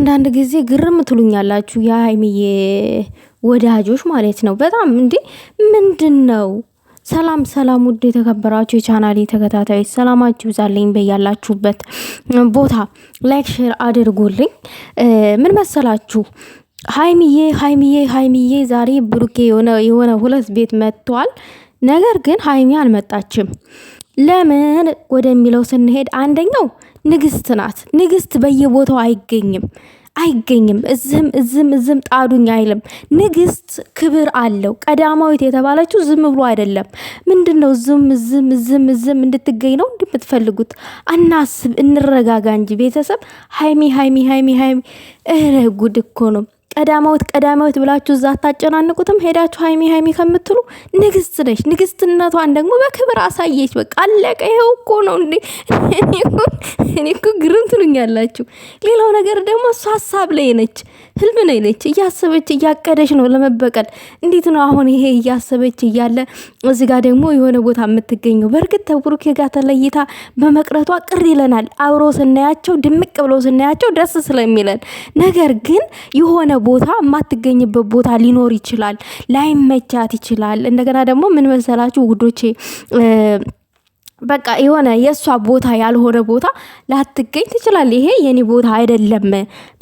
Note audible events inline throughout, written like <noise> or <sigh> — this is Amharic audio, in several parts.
አንዳንድ ጊዜ ግርም ትሉኛላችሁ የሀይሚዬ ወዳጆች ማለት ነው። በጣም እንዴ ምንድን ነው? ሰላም ሰላም፣ ውድ የተከበራችሁ የቻናሌ ተከታታዮች ሰላማችሁ ይብዛልኝ በያላችሁበት ቦታ። ላይክ ሼር አድርጉልኝ። ምን መሰላችሁ ሀይሚዬ ሀይሚዬ ሀይሚዬ ዛሬ ብሩኬ የሆነ ሁለት ቤት መጥቷል። ነገር ግን ሀይሚ አልመጣችም። ለምን ወደሚለው ስንሄድ አንደኛው ንግስት ናት። ንግስት በየቦታው አይገኝም አይገኝም እዝም እዝም እዝም ጣዱኝ አይልም። ንግስት ክብር አለው። ቀዳማዊት የተባለችው ዝም ብሎ አይደለም። ምንድን ነው ዝም ዝም ዝም ዝም እንድትገኝ ነው እንደምትፈልጉት? አናስብ፣ እንረጋጋ እንጂ ቤተሰብ። ሀይሚ ሀይሚ ሀይሚ ሀይሚ፣ እረ ጉድ እኮ ነው። ቀዳማዊት ቀዳማዊት ብላችሁ እዛ አታጨናንቁትም። ሄዳችሁ ሀይሚ ሀይሚ ከምትሉ ንግስት ነች። ንግስትነቷን ደግሞ በክብር አሳየች። በቃ አለቀ። ይኸው እኮ ነው እንዴ እኔ እኮ ግርም ትሉኛላችሁ። ሌላው ነገር ደግሞ እሱ ሀሳብ ላይ ነች፣ ህልም ላይ ነች። እያሰበች እያቀደች ነው ለመበቀል። እንዴት ነው አሁን ይሄ እያሰበች እያለ እዚ ጋ ደግሞ የሆነ ቦታ የምትገኘው? በእርግጥ ተብሩክ ጋ ተለይታ በመቅረቷ ቅር ይለናል። አብሮ ስናያቸው ድምቅ ብለው ስናያቸው ደስ ስለሚለን ነገር ግን የሆነ ቦታ የማትገኝበት ቦታ ሊኖር ይችላል፣ ላይመቻት ይችላል። እንደገና ደግሞ ምን መሰላችሁ ውዶቼ በቃ የሆነ የእሷ ቦታ ያልሆነ ቦታ ላትገኝ ትችላል። ይሄ የኔ ቦታ አይደለም።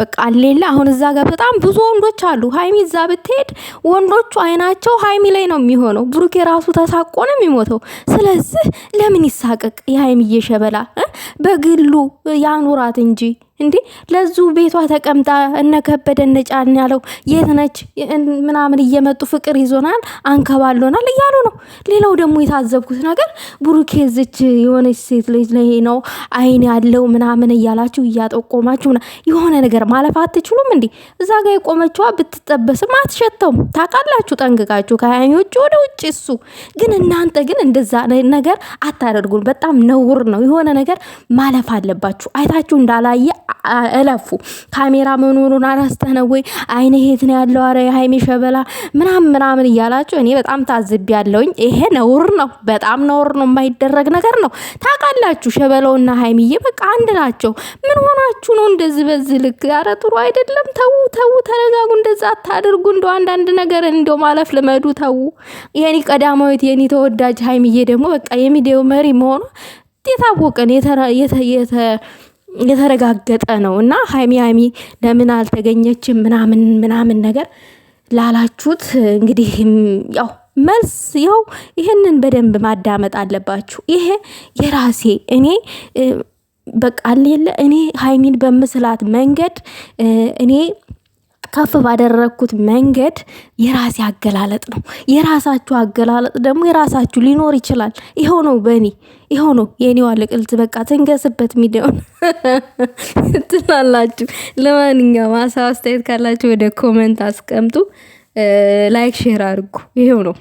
በቃ ሌላ አሁን እዛ ጋር በጣም ብዙ ወንዶች አሉ። ሀይሚ እዛ ብትሄድ ወንዶቹ አይናቸው ሀይሚ ላይ ነው የሚሆነው። ብሩኬ ራሱ ተሳቆ ነው የሚሞተው። ስለዚህ ለምን ይሳቀቅ የሀይሚዬ ሸበላ? በግሉ ያኑራት እንጂ እንዴ ለዙ ቤቷ ተቀምጣ እነከበደ እነጫን ያለው የት ነች ምናምን እየመጡ ፍቅር ይዞናል አንከባሎናል እያሉ ነው። ሌላው ደግሞ የታዘብኩት ነገር ብሩኬ ዝች የሆነች ሴት ልጅ ላይ ነው አይን ያለው ምናምን እያላችሁ እያጠቆማችሁ የሆነ ነገር ማለፍ አትችሉም እንዴ? እዛ ጋ የቆመችዋ ብትጠበስም አትሸተውም። ታውቃላችሁ ጠንቅቃችሁ ከሀያኞች ወደ ውጭ እሱ ግን እናንተ ግን እንደዛ ነገር አታደርጉም። በጣም ነውር ነው የሆነ ነገር ማለፍ አለባችሁ። አይታችሁ እንዳላየ እለፉ። ካሜራ መኖሩን አረስተህ ወይ አይነ ሄት ነው ያለው አረ የሀይሜ ሸበላ ምናምን ምናምን እያላችሁ እኔ በጣም ታዝብ ያለውኝ። ይሄ ነውር ነው፣ በጣም ነውር ነው፣ የማይደረግ ነገር ነው። ታውቃላችሁ፣ ሸበላውና ሀይሚዬ በቃ አንድ ናቸው። ምን ሆናችሁ ነው እንደዚህ በዚህ ልክ? አረ ጥሩ አይደለም። ተዉ ተዉ፣ ተረጋጉ። እንደዛ አታድርጉ። እንደው አንዳንድ ነገር እንደው ማለፍ ልመዱ። ተዉ። የኔ ቀዳማዊት የኔ ተወዳጅ ሀይሚዬ ደግሞ በቃ የሚዲያው መሪ መሆኗ የታወቀን የተረጋገጠ ነው እና ሀይሚ ሀይሚ ለምን አልተገኘችም ምናምን ምናምን ነገር ላላችሁት እንግዲህ ያው መልስ ያው ይህንን በደንብ ማዳመጥ አለባችሁ። ይሄ የራሴ እኔ በቃ ሌለ እኔ ሀይሚን በምስላት መንገድ እኔ ከፍ ባደረግኩት መንገድ የራሴ አገላለጥ ነው። የራሳችሁ አገላለጥ ደግሞ የራሳችሁ ሊኖር ይችላል። ይኸው ነው በእኔ ይኸው ነው የእኔዋ ልቅልት በቃ ትንገስበት ሚዲያውን <laughs> ትላላችሁ። ለማንኛውም ሀሳብ አስተያየት ካላችሁ ወደ ኮመንት አስቀምጡ። ላይክ ሼር አድርጉ። ይሄው ነው።